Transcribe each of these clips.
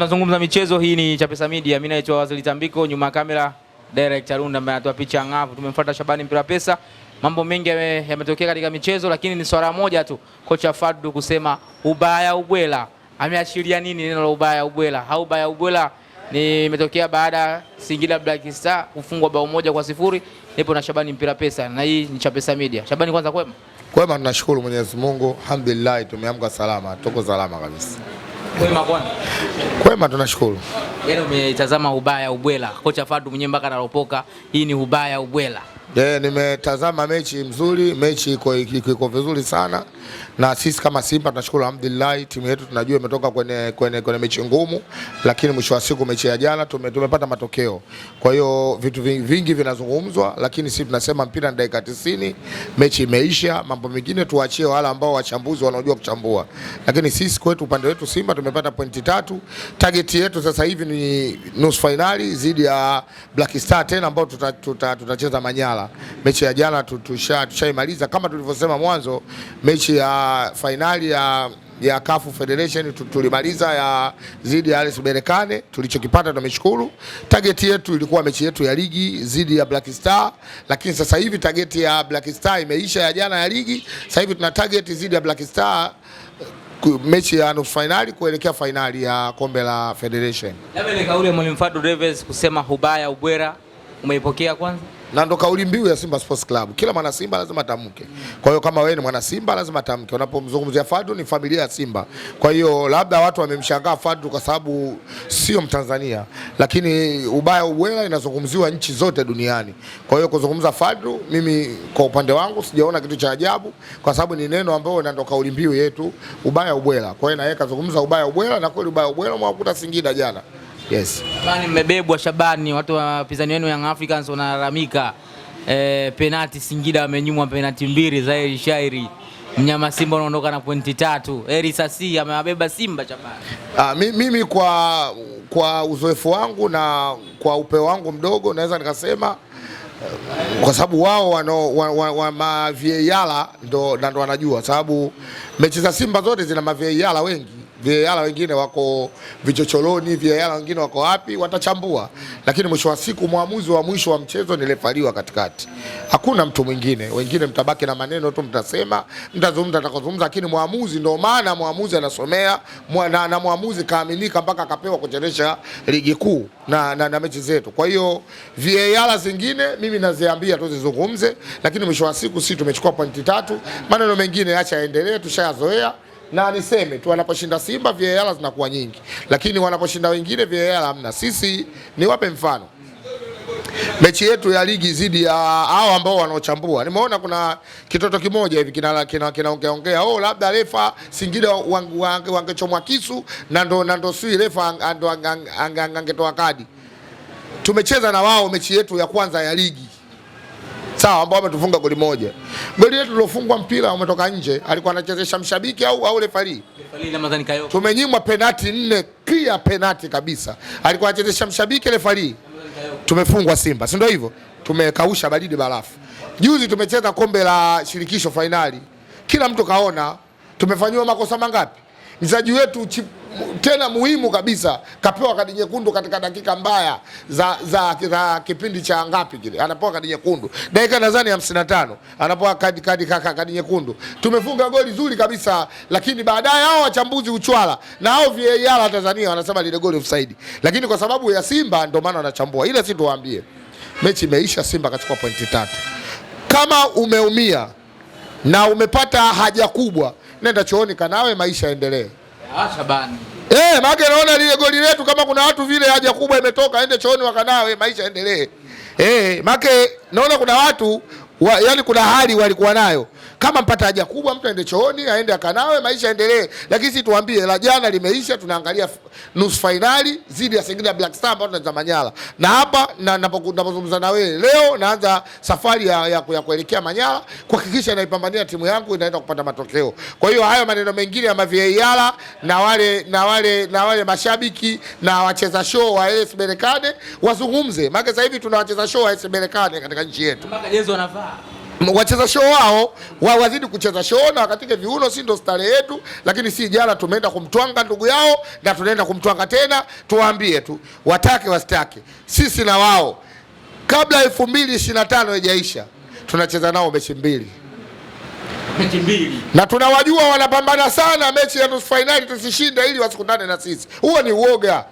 Tunazungumza michezo, hii ni Chapesa Media. Mimi naitwa Wazili Tambiko, nyuma ya kamera director Runda ambaye anatoa picha ngavu. Tumemfuata Shabani mpira pesa. Mambo mengi yametokea katika michezo, lakini ni swala moja tu, kocha Fadu kusema ubaya ubwela. Ameashiria nini neno la ubaya ubwela? Au ubaya ubwela ni imetokea baada ya Singida Black Star kufungwa bao moja kwa sifuri. Nipo na Shabani mpira pesa na hii ni Chapesa Media. Shabani, kwanza kwema? Kwema, tunashukuru Mwenyezi Mungu, alhamdulillah, tumeamka salama, tuko salama kabisa. Kwema bwana. Kwema tunashukuru. Yaani umetazama ubaya ubwela. Kocha Fadu mwenyewe mpaka analopoka, hii ni ubaya ubwela. Eh, nimetazama mechi mzuri, mechi iko iko vizuri sana na sisi kama Simba tunashukuru alhamdulillah, timu yetu tunajua imetoka kwenye, kwenye, kwenye mechi ngumu, lakini mwisho wa siku mechi ya jana tume, tumepata matokeo. Kwa hiyo vitu vingi vingi vinazungumzwa, lakini sisi tunasema mpira ni dakika 90, mechi imeisha. Mambo mengine tuachie wale ambao wachambuzi wanaojua kuchambua, lakini sisi kwetu, upande wetu Simba tumepata pointi tatu. Target yetu sasa hivi ni nusu finali zidi ya Black Star tena, ambao tutacheza tuta, tuta, tuta Manyara. Mechi ya jana tushaimaliza tusha kama tulivyosema mwanzo mechi ya fainali ya ya CAF Federation tulimaliza ya zidi ya RS Berkane. Tulichokipata tumeshukuru. Target yetu ilikuwa mechi yetu ya ligi zidi ya Black Star, lakini sasa hivi target ya Black Star imeisha ya jana ya ligi. Sasa hivi tuna target zidi ya Black Star mechi ya nusu finali kuelekea finali ya kombe la Federation. Labda ni kauli ya mwalimu Fadlu Davids kusema hubaya ubwera, umeipokea kwanza? na ndo kauli mbiu ya Simba Sports Club. Kila mwana Simba lazima atamke. Kwa hiyo kama wewe ni mwana Simba lazima atamke. Unapomzungumzia Fadu ni familia ya Simba. Kwa hiyo labda watu wamemshangaa Fadu kwa sababu sio Mtanzania, lakini ubaya uwela inazungumziwa nchi zote duniani. Kwa hiyo kuzungumza Fadu, mimi kwa upande wangu sijaona kitu cha ajabu, kwa sababu ni neno ambalo ndo kauli mbiu yetu, ubaya ubwela. Kwa hiyo naweka zungumza ubaya ubwela, na kweli ubaya ubwela mwakuta Singida jana. Yes. Shabani mmebebwa Shabani, watu pinzani wenu Young Africans wanalalamika e, eh, penati Singida wamenyimwa penati mbili za heri shairi mnyama Simba unaondoka na pointi tatu. Heri sasi amewabeba Simba Shabani. Ah, mimi kwa, kwa uzoefu wangu na kwa upeo wangu mdogo naweza nikasema eh, kwa sababu wao wano wa, wa, wa mavyeiala ndo, ndo wanajua sababu mechi za Simba zote zina mavyeiala wengi VAR wengine wako vichochoroni, VAR wengine wako wapi, watachambua. Lakini mwisho wa siku mwamuzi wa mwisho wa mchezo ni refari wa katikati, hakuna mtu mwingine. Wengine mtabaki na maneno tu, mtasema, mtazungumza, atakozungumza, lakini mwamuzi, ndio maana mwamuzi anasomea na, na mwamuzi kaaminika mpaka akapewa kuchezesha ligi kuu na, na, na mechi zetu. Kwa hiyo VAR zingine mimi naziambia tu zizungumze, lakini mwisho wa siku si tumechukua pointi tatu. Maneno mengine acha yaendelee, tushayazoea na niseme tu wanaposhinda Simba VAR zinakuwa nyingi, lakini wanaposhinda wengine VAR hamna. Sisi niwape mfano mechi yetu ya ligi zidi ya hao ambao wanaochambua. Nimeona kuna kitoto kimoja hivi kinaongea kina, kina ongea oh, labda refa Singida wangechomwa wange kisu na ndo na ndo sui refa angetoa kadi. Tumecheza na wao mechi yetu ya kwanza ya ligi sawa, ambao wametufunga goli moja. Goli letu lilofungwa mpira umetoka nje, alikuwa anachezesha mshabiki au au refari. Tumenyimwa penati nne, clear penati kabisa, alikuwa anachezesha mshabiki refari. Tumefungwa Simba, si ndio hivyo? Tumekausha baridi barafu. Juzi tumecheza kombe la shirikisho fainali, kila mtu kaona tumefanyiwa makosa mangapi mchezaji wetu tena muhimu kabisa, kapewa kadi nyekundu katika dakika mbaya za, za, za kipindi cha ngapi kile, anapewa kadi nyekundu dakika nadhani 55, anapewa kadi kadi kaka kadi nyekundu. Tumefunga goli zuri kabisa, lakini baadaye hao wachambuzi uchwala na hao VAR Tanzania wanasema lile goli offside, lakini kwa sababu ya Simba ndio maana wanachambua ila Si tuwaambie mechi imeisha, Simba kachukua pointi tatu. Kama umeumia na umepata haja kubwa, nenda chooni kanawe, maisha yaendelee. Eh, maana naona lile goli letu kama kuna watu vile haja kubwa imetoka ende chooni wakanawe maisha endelee. Eh, maana naona kuna watu wa, yani kuna hali walikuwa nayo. Kama mpata haja kubwa, mtu aende chooni, aende akanawe, maisha endelee. Lakini sisi tuambie la jana limeisha, tunaangalia nusu fainali dhidi ya Singida Black Star ambao tunaanza Manyara. Na hapa napozungumza na wewe leo, naanza safari ya, ya, ya kuelekea Manyara kuhakikisha naipambania timu yangu inaenda kupata matokeo. Kwa hiyo hayo maneno mengine ya maviara na wale na wale na wale mashabiki na wacheza show wa AS Berkane wazungumze, maana sasa hivi tuna wacheza show wa AS Berkane katika nchi yetu. Mpaka jezo wanavaa wacheza show wao wa wazidi kucheza show na wakatike viuno, si ndo stare yetu. Lakini si jana tumeenda kumtwanga ndugu yao na tunaenda kumtwanga tena. Tuwaambie tu watake wasitake, sisi na wao kabla 2025 haijaisha tunacheza nao mechi mbili na tunawajua wanapambana sana. Mechi ya nusu fainali tusishinde ili wasikutane na sisi, huo ni uoga.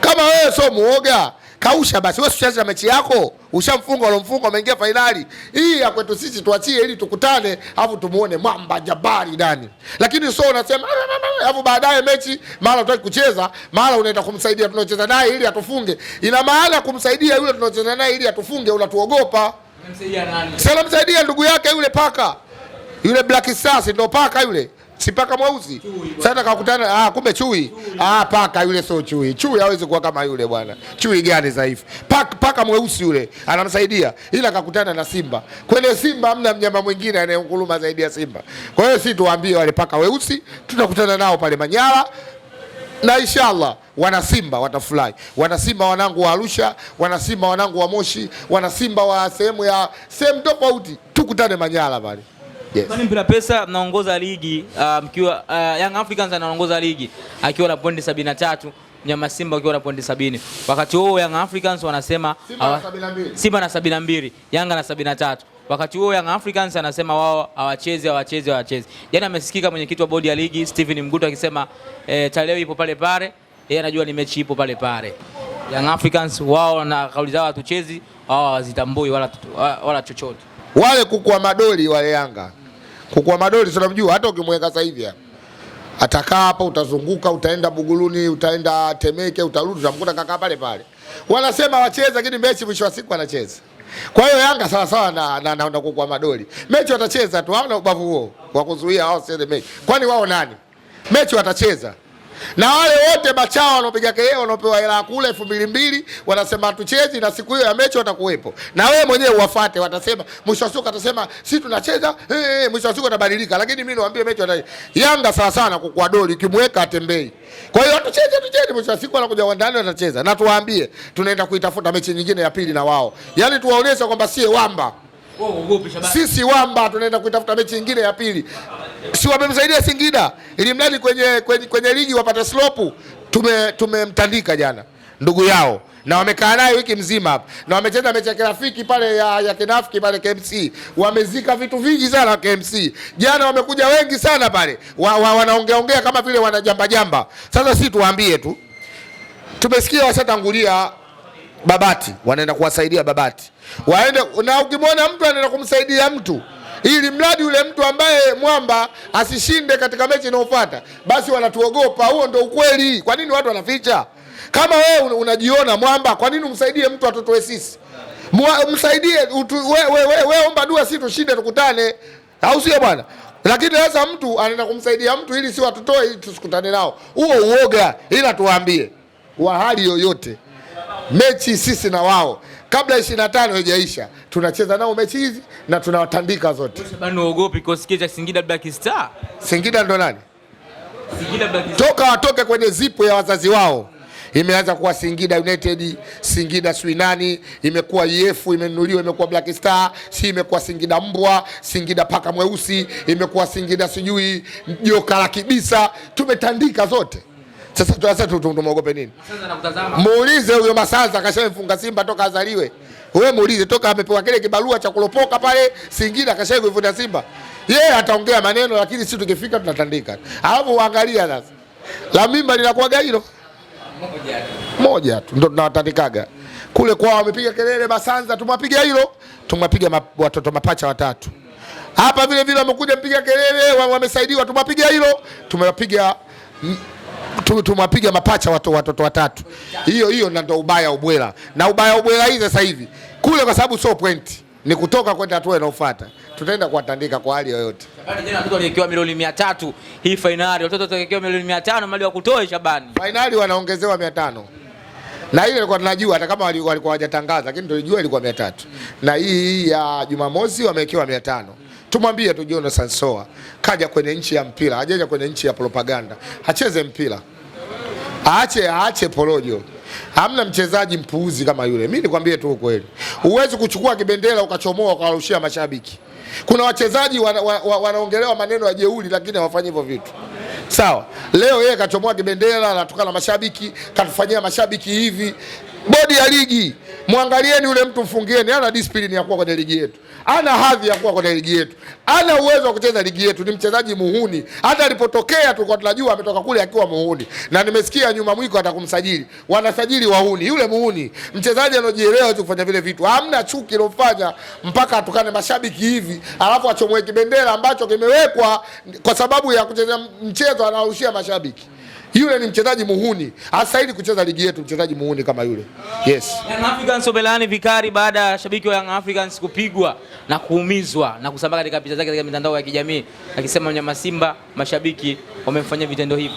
Kama wewe sio muoga kausha basi. Wewe usicheze mechi yako, ushamfunga ulomfunga, umeingia fainali. Hii ya kwetu sisi tuachie, ili tukutane, afu tumuone mwamba jabari ndani. Lakini so unasema ah, ah, ah, afu baadaye mechi mara unataka kucheza, mara unaenda kumsaidia tunaocheza naye ili atufunge. Ina maana kumsaidia yule tunaocheza naye ili atufunge, unatuogopa. Unamsaidia nani? Sasa msaidia ndugu yake yule paka yule Black Stars, ndio paka yule si paka mweusi sasa kakutana. Ah, kumbe chui. Ah, paka yule sio chui. Chui hawezi kuwa kama yule bwana. Chui gani dhaifu? Paka, paka mweusi yule anamsaidia, ila kakutana na simba. Kwenye simba hamna mnyama mwingine anayekuluma zaidi ya simba. Kwa hiyo si tuwaambie wale paka weusi, tutakutana nao pale Manyara na inshallah wanasimba watafurahi. Wanasimba wanangu wa Arusha, wanasimba wanangu wa Moshi, wanasimba wa sehemu ya sehemu tofauti, tukutane Manyara pale. Yes. Kwani mpira pesa mnaongoza ligi uh, mkiwa um, uh, Young Africans anaongoza ligi akiwa na pointi 73, Mnyama Simba akiwa na pointi 70. Wakati huo Young Africans wanasema Simba na 72, Yanga na 73. Wakati huo Young Africans anasema wao hawachezi hawachezi hawachezi. Jana amesikika mwenyekiti wa bodi ya ligi Stephen Mgutu akisema eh, tarehe ipo pale pale, yeye anajua ni mechi ipo pale pale. Young Africans wao na kauli zao hatuchezi, wao hawazitambui wala wala chochote. Wale kuku wa madoli wale Yanga Kuku wa madoli tunamjua, hata ukimweka sasa hivi hapa atakaa hapa, utazunguka, utaenda Buguruni, utaenda Temeke, utarudi, utamkuta kaka pale pale. Wanasema wacheze, lakini mechi mwisho wa siku anacheza. Kwa hiyo Yanga sawa sawa na, na, na, na kuku wa madoli, mechi watacheza tu, hawana ubavu huo wa kuzuia wao wasende mechi. Kwani wao nani? Mechi watacheza na wale wote machao wanaopiga kelele wanaopewa hela kula elfu mbili mbili wanasema hatuchezi, na siku hiyo ya mechi watakuwepo. Na wewe mwenyewe uwafate, watasema mwisho wa siku atasema si tunacheza eh, eh, eh, mwisho wa siku atabadilika. Lakini mimi niwaambie mechi wata Yanga sana sana kukua doli, kimweka atembei. Kwa hiyo hatucheze, hatucheze, mwisho wa siku wanakuja uwandani watacheza, na tuwaambie tunaenda kuitafuta mechi nyingine ya pili na wao, yani tuwaonyeshe kwamba sie wamba sisi wamba tunaenda kuitafuta mechi nyingine ya pili, si wamemsaidia Singida ili mradi kwenye, kwenye, kwenye ligi wapate slopu. Tumemtandika tume jana ndugu yao na wamekaa naye wiki mzima hapa na wamecheza mechi ya kirafiki pale ya, ya kinafiki pale KMC. Wamezika vitu vingi sana KMC. Jana wamekuja wengi sana pale wa, wa, wanaongea ongea kama vile jamba. Sasa si tuwaambie tu, tumesikia washatangulia Babati, wanaenda kuwasaidia Babati waende na ukimwona mtu anaenda kumsaidia mtu ili mradi yule mtu ambaye mwamba asishinde katika mechi inayofuata, basi wanatuogopa. Huo ndo ukweli. Kwa nini watu wanaficha? Kama wewe unajiona mwamba, kwa nini umsaidie mtu atotoe sisi? Msaidie wewe, we, we, omba dua, si tushinde tukutane, au sio bwana? Lakini sasa mtu anaenda kumsaidia mtu ili si watutoe, ili tusikutane nao, huo uoga. Ila tuwaambie wa hali yoyote, mechi sisi na wao kabla ya 25 haijaisha, tunacheza nao mechi hizi na tunawatandika zote. Shabani, uogopi sikia cha Singida Black Star? Singida ndo nani? Singida Black Star. Toka watoke kwenye zipo ya wazazi wao imeanza kuwa Singida United, Singida swinani, imekuwa EF, imenunuliwa, imekuwa Black Star, si imekuwa Singida mbwa, Singida paka mweusi, imekuwa Singida sijui joka la kibisa, tumetandika zote. Sasa sasa tumuogope nini? Muulize huyo Masanza akashamfunga Simba toka azaliwe. Wewe muulize toka amepewa kile kibarua cha kulopoka pale Singida akashaivuna Simba. Yeye yeah, ataongea maneno lakini sisi tukifika tunatandika. Alafu uangalia sasa. La mimba linakuwaga hilo. Moja tu. Moja tu ndio tunawatandikaga. Kule kwao wamepiga kelele Masanza tumwapiga hilo, tumwapiga ma, watoto mapacha watatu. Hapa vile vile wamekuja mpiga kelele wamesaidiwa tumwapiga hilo, tumewapiga tumewapiga mapacha watoto watoto watatu. Hiyo hiyo ndio ubaya ubwela, na ubaya ubwela hii sasa hivi kule, kwa sababu sio point ni kutoka kwenda hatua inayofuata, tutaenda kuwatandika kwa hali yoyote. Shabani tena mtoto waliwekewa milioni 300 hii finali. watoto watakiwa milioni 500 mali wa kutoa Shabani, Finali wanaongezewa 500. na ile ilikuwa tunajua hata kama walikuwa hawajatangaza, lakini tulijua ilikuwa 300. na hii ya Jumamosi wamewekewa 500. Tumwambie tu Jonas Sansoa kaja kwenye nchi ya mpira, hajaja kwenye nchi ya propaganda. Acheze mpira, aache aache porojo. Hamna mchezaji mpuuzi kama yule. Mimi nikwambie tu ukweli, huwezi kuchukua kibendera ukachomoa ukawarushia mashabiki. Kuna wachezaji wana, wa, wanaongelewa maneno ya jeuri, lakini hawafanyi hivyo vitu. Sawa, leo yeye kachomoa kibendera, anatukana mashabiki, katufanyia mashabiki hivi. Bodi ya ligi, mwangalieni yule mtu, mfungieni. Ana discipline ya kuwa kwenye ligi yetu, ana hadhi ya kuwa kwenye ligi yetu, ana uwezo wa kucheza ligi yetu. Ni mchezaji muhuni, hata alipotokea tulikuwa tunajua ametoka kule akiwa muhuni, na nimesikia nyuma mwiko atakumsajili, wanasajili wahuni. Yule muhuni, mchezaji anojielewa tu kufanya vile vitu. Hamna chuki lofanya mpaka atukane mashabiki hivi, alafu achomwe kibendera ambacho kimewekwa kwa sababu ya kucheza mchezo, anawarushia mashabiki. Yule ni mchezaji muhuni, astahili kucheza ligi yetu, mchezaji muhuni kama yule. Yes. Young Africans obelani vikari baada ya shabiki wa Young Africans kupigwa na kuumizwa na kusambaa katika picha zake katika mitandao ya kijamii akisema mnyama Simba, mashabiki wamemfanyia vitendo hivi.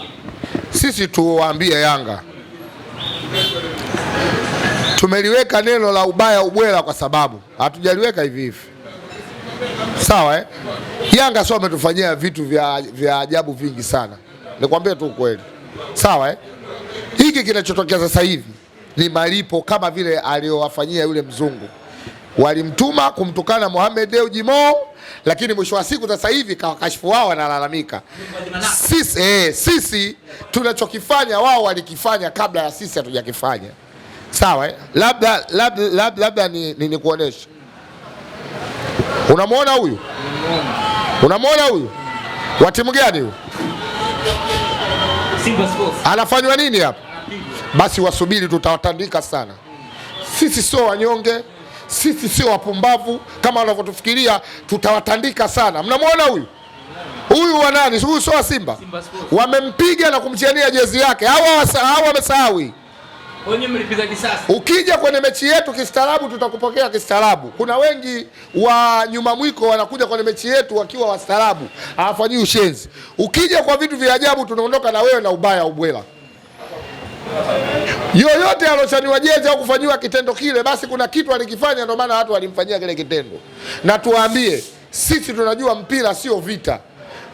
Sisi tuwaambie Yanga tumeliweka neno la ubaya ubwela kwa sababu hatujaliweka hivi hivi, sawa eh? Yanga sio ametufanyia vitu vya, vya ajabu vingi sana, nikwambie tu ukweli sawa eh? Hiki kinachotokea sasa hivi ni malipo kama vile aliyowafanyia yule mzungu, walimtuma kumtukana Mohamed Dewji Mo, lakini mwisho wa siku sasa hivi kawakashifu wao, wanalalamika sisi, eh, sisi tunachokifanya wao walikifanya kabla ya sisi hatujakifanya. Sawa eh? labda, labda, labda, labda ni, ni, ni kuonesha Unamwona huyu, unamwona huyu, wa timu gani huyu? anafanywa nini hapa? Basi wasubiri, tutawatandika sana. Sisi sio wanyonge, sisi sio wapumbavu kama wanavyotufikiria. Tutawatandika sana. Mnamwona huyu huyu wa nani? Huyu sio wa Simba, wamempiga na kumchania jezi yake. Hawa wamesahau Ukija kwenye mechi yetu kistaarabu, tutakupokea kistaarabu. Kuna wengi wa nyuma mwiko wanakuja kwenye mechi yetu wakiwa wastaarabu, hawafanyii ushenzi. Ukija kwa vitu vya ajabu, tunaondoka na wewe na ubaya ubwela. Yoyote aloshaniwa jezi au kufanyiwa kitendo kile, basi kuna kitu alikifanya, ndio maana watu walimfanyia kile kitendo. Na tuwaambie sisi tunajua mpira sio vita.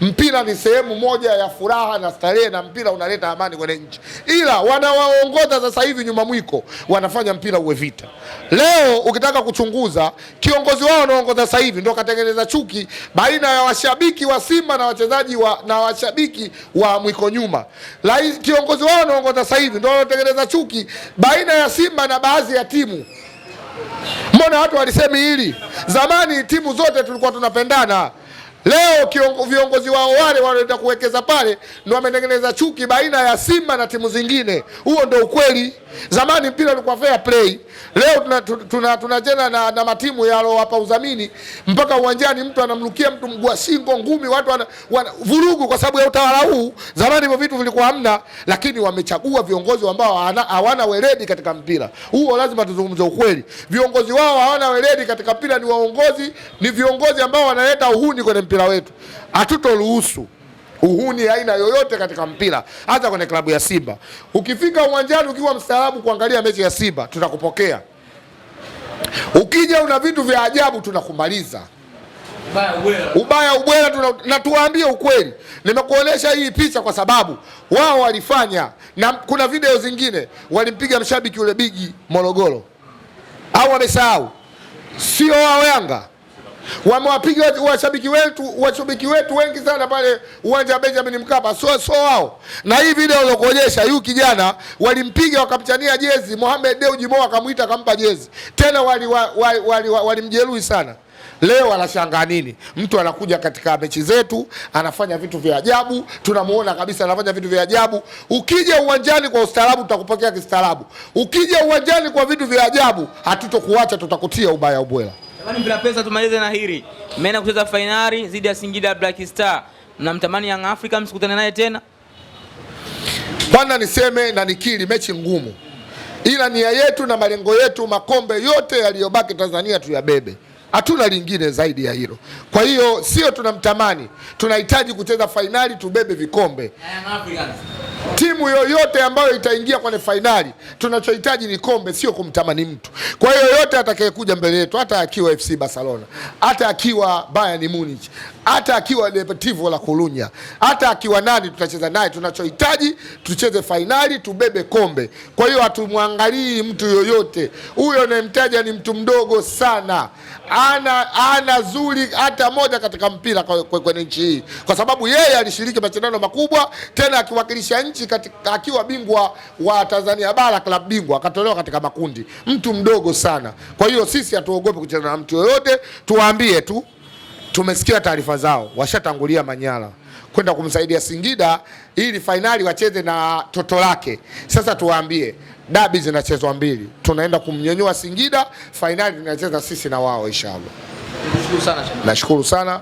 Mpira ni sehemu moja ya furaha na starehe, na mpira unaleta amani kwenye nchi, ila wanawaongoza sasa hivi nyuma mwiko, wanafanya mpira uwe vita. Leo ukitaka kuchunguza kiongozi wao wanaongoza sasa hivi ndio katengeneza chuki baina ya washabiki wa Simba na wachezaji wa, na washabiki wa mwiko nyuma. kiongozi wao anaongoza sasa hivi ndio anatengeneza chuki baina ya Simba na baadhi ya timu. Mbona watu walisemi hili zamani? Timu zote tulikuwa tunapendana. Leo kiongo, viongozi wao wale wanaenda kuwekeza pale ndio wametengeneza chuki baina ya Simba na timu zingine. Huo ndio ukweli. Zamani mpira ulikuwa fair play, leo tunacheza tuna, tuna, tuna na, na matimu hapa udhamini mpaka uwanjani, mtu anamlukia mtu mguu wa shingo, ngumi, watu wana, wana, vurugu kwa sababu ya utawala huu. Zamani hivyo vitu vilikuwa hamna, lakini wamechagua viongozi ambao hawana weledi katika mpira huo. Lazima tuzungumze ukweli, viongozi wao hawana weledi katika mpira, ni waongozi, ni viongozi ambao wanaleta uhuni kwenye mpira wetu. Hatutoruhusu uhuni aina yoyote katika mpira, hata kwenye klabu ya Simba. Ukifika uwanjani ukiwa mstaarabu kuangalia mechi ya Simba, tutakupokea. Ukija una vitu vya ajabu, tunakumaliza ubaya ubwela tuna, na tuwaambie ukweli. Nimekuonesha hii picha kwa sababu wao walifanya, na kuna video zingine walimpiga mshabiki yule bigi Morogoro, au wamesahau? Sio wao Yanga wamewapiga washabiki wetu washabiki wetu wengi sana pale uwanja wa Benjamin Mkapa, so so wao na hii video ilokuonyesha yule kijana walimpiga wakamchania jezi Mohamed Deuji Mo, akamuita akampa jezi tena, walimjeruhi wali, wali, wali, wali sana. Leo anashangaa nini? Mtu anakuja katika mechi zetu anafanya vitu vya ajabu, tunamuona kabisa anafanya vitu vya ajabu. Ukija uwanjani kwa ustaarabu, tutakupokea kistaarabu. Ukija uwanjani kwa vitu vya ajabu, hatutokuacha, tutakutia ubaya ubwela. Kwani bila pesa tumalize na hili. Mmeenda kucheza fainali dhidi ya Singida Black Star. Mnamtamani Young Africa msikutane naye tena? Kwanza niseme na nikiri, mechi ngumu, ila nia yetu na malengo yetu, makombe yote yaliyobaki Tanzania tuyabebe, hatuna lingine zaidi ya hilo. Kwa hiyo sio tunamtamani, tunahitaji kucheza fainali tubebe vikombe. Timu yoyote ambayo itaingia kwenye fainali, tunachohitaji ni kombe, sio kumtamani mtu. Kwa hiyo yoyote atakayekuja mbele yetu, hata akiwa FC Barcelona, hata akiwa Bayern Munich, hata akiwa Deportivo la Corunya, hata akiwa nani, tutacheza naye. Tunachohitaji tucheze fainali, tubebe kombe. Kwa hiyo hatumwangalii mtu yoyote. Huyo anayemtaja ni mtu mdogo sana, ana ana zuri hata moja katika mpira kwenye nchi hii, kwa sababu yeye alishiriki mashindano makubwa, tena akiwakilisha nchi mechi katika, akiwa bingwa wa Tanzania bara klabu bingwa akatolewa katika makundi, mtu mdogo sana. Kwa hiyo sisi hatuogope kucheza na mtu yoyote, tuwaambie tu tumesikia taarifa zao, washatangulia Manyara kwenda kumsaidia Singida ili fainali wacheze na toto lake. Sasa tuwaambie dabi zinachezwa mbili, tunaenda kumnyonyoa Singida, fainali zinacheza sisi na wao inshallah. Nashukuru sana,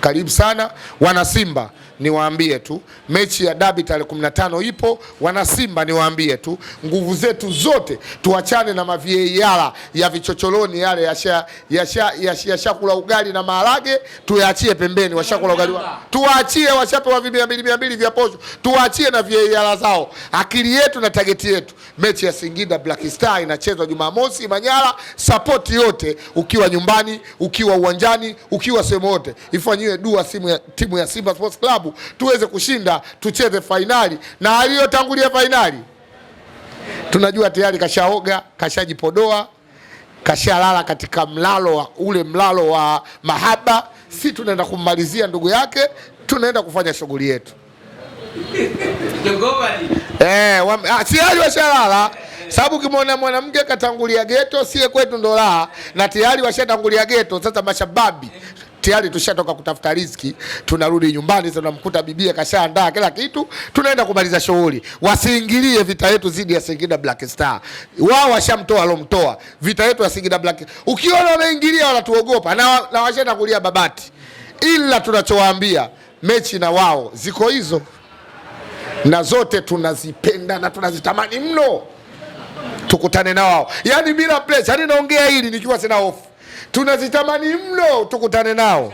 karibu sana wana Simba niwaambie tu mechi ya dabi tarehe 15 ipo. Wanasimba, niwaambie tu nguvu zetu zote, tuachane na mavieiara ya vichocholoni yale yashakula ugali na maharage, tuyaachie pembeni. Washakula ugali wa tuwaachie, washapewa vimia mbili mia mbili vya posho, tuwaachie na vieiara zao. Akili yetu na tageti yetu, mechi ya Singida Black Star inachezwa Jumamosi Manyara. Sapoti yote ukiwa nyumbani, ukiwa uwanjani, ukiwa sehemu yote, ifanyiwe dua simu ya, timu ya Simba Sports Club sababu tuweze kushinda, tucheze fainali na aliyotangulia fainali. Tunajua tayari kashaoga, kashajipodoa, kashalala katika mlalo wa ule mlalo wa mahaba. Si tunaenda kummalizia ndugu yake, tunaenda kufanya shughuli yetu eh, ah, si ali washalala sababu ukimwona mwanamke katangulia geto, sie kwetu ndo raha, na tayari washatangulia geto. Sasa mashababi tayari tushatoka kutafuta riziki, tunarudi nyumbani, tunamkuta bibia kashaandaa kila kitu, tunaenda kumaliza shughuli. Wasiingilie vita yetu zidi ya Singida Black Star, wao washamtoa alomtoa. Vita yetu ya Singida Black ukiona wameingilia, wanatuogopa na, na washenda kulia Babati, ila tunachowaambia mechi na wao ziko hizo na zote tunazipenda na tunazitamani mno, tukutane na wao yani bila pressure. Yani naongea hili nikiwa sina hofu tunazitamani mno tukutane nao,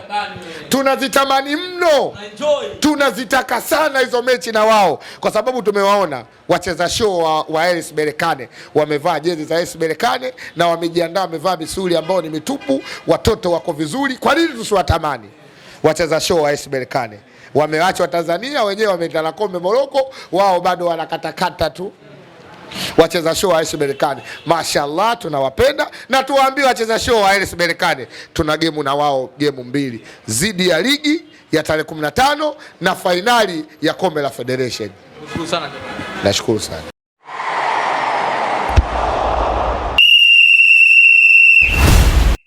tunazitamani mno, tunazitaka sana hizo mechi na wao, kwa sababu tumewaona wacheza show wa, wa Elis Berekane wamevaa jezi za Elis Berekane na wamejiandaa, wamevaa misuli ambao ni mitupu, watoto wako vizuri. Kwa nini tusiwatamani wacheza show wa Elis Berekane? Wameachwa Tanzania, wenyewe wameenda na kombe Moroko, wao bado wanakatakata tu wacheza show wa Hersi Berkane, mashallah, tunawapenda na tuwaambie wacheza show wa Hersi Berkane tuna gemu na wao gemu mbili zidi ya ligi ya tarehe 15 na fainali ya kombe la Federation. Nashukuru sana.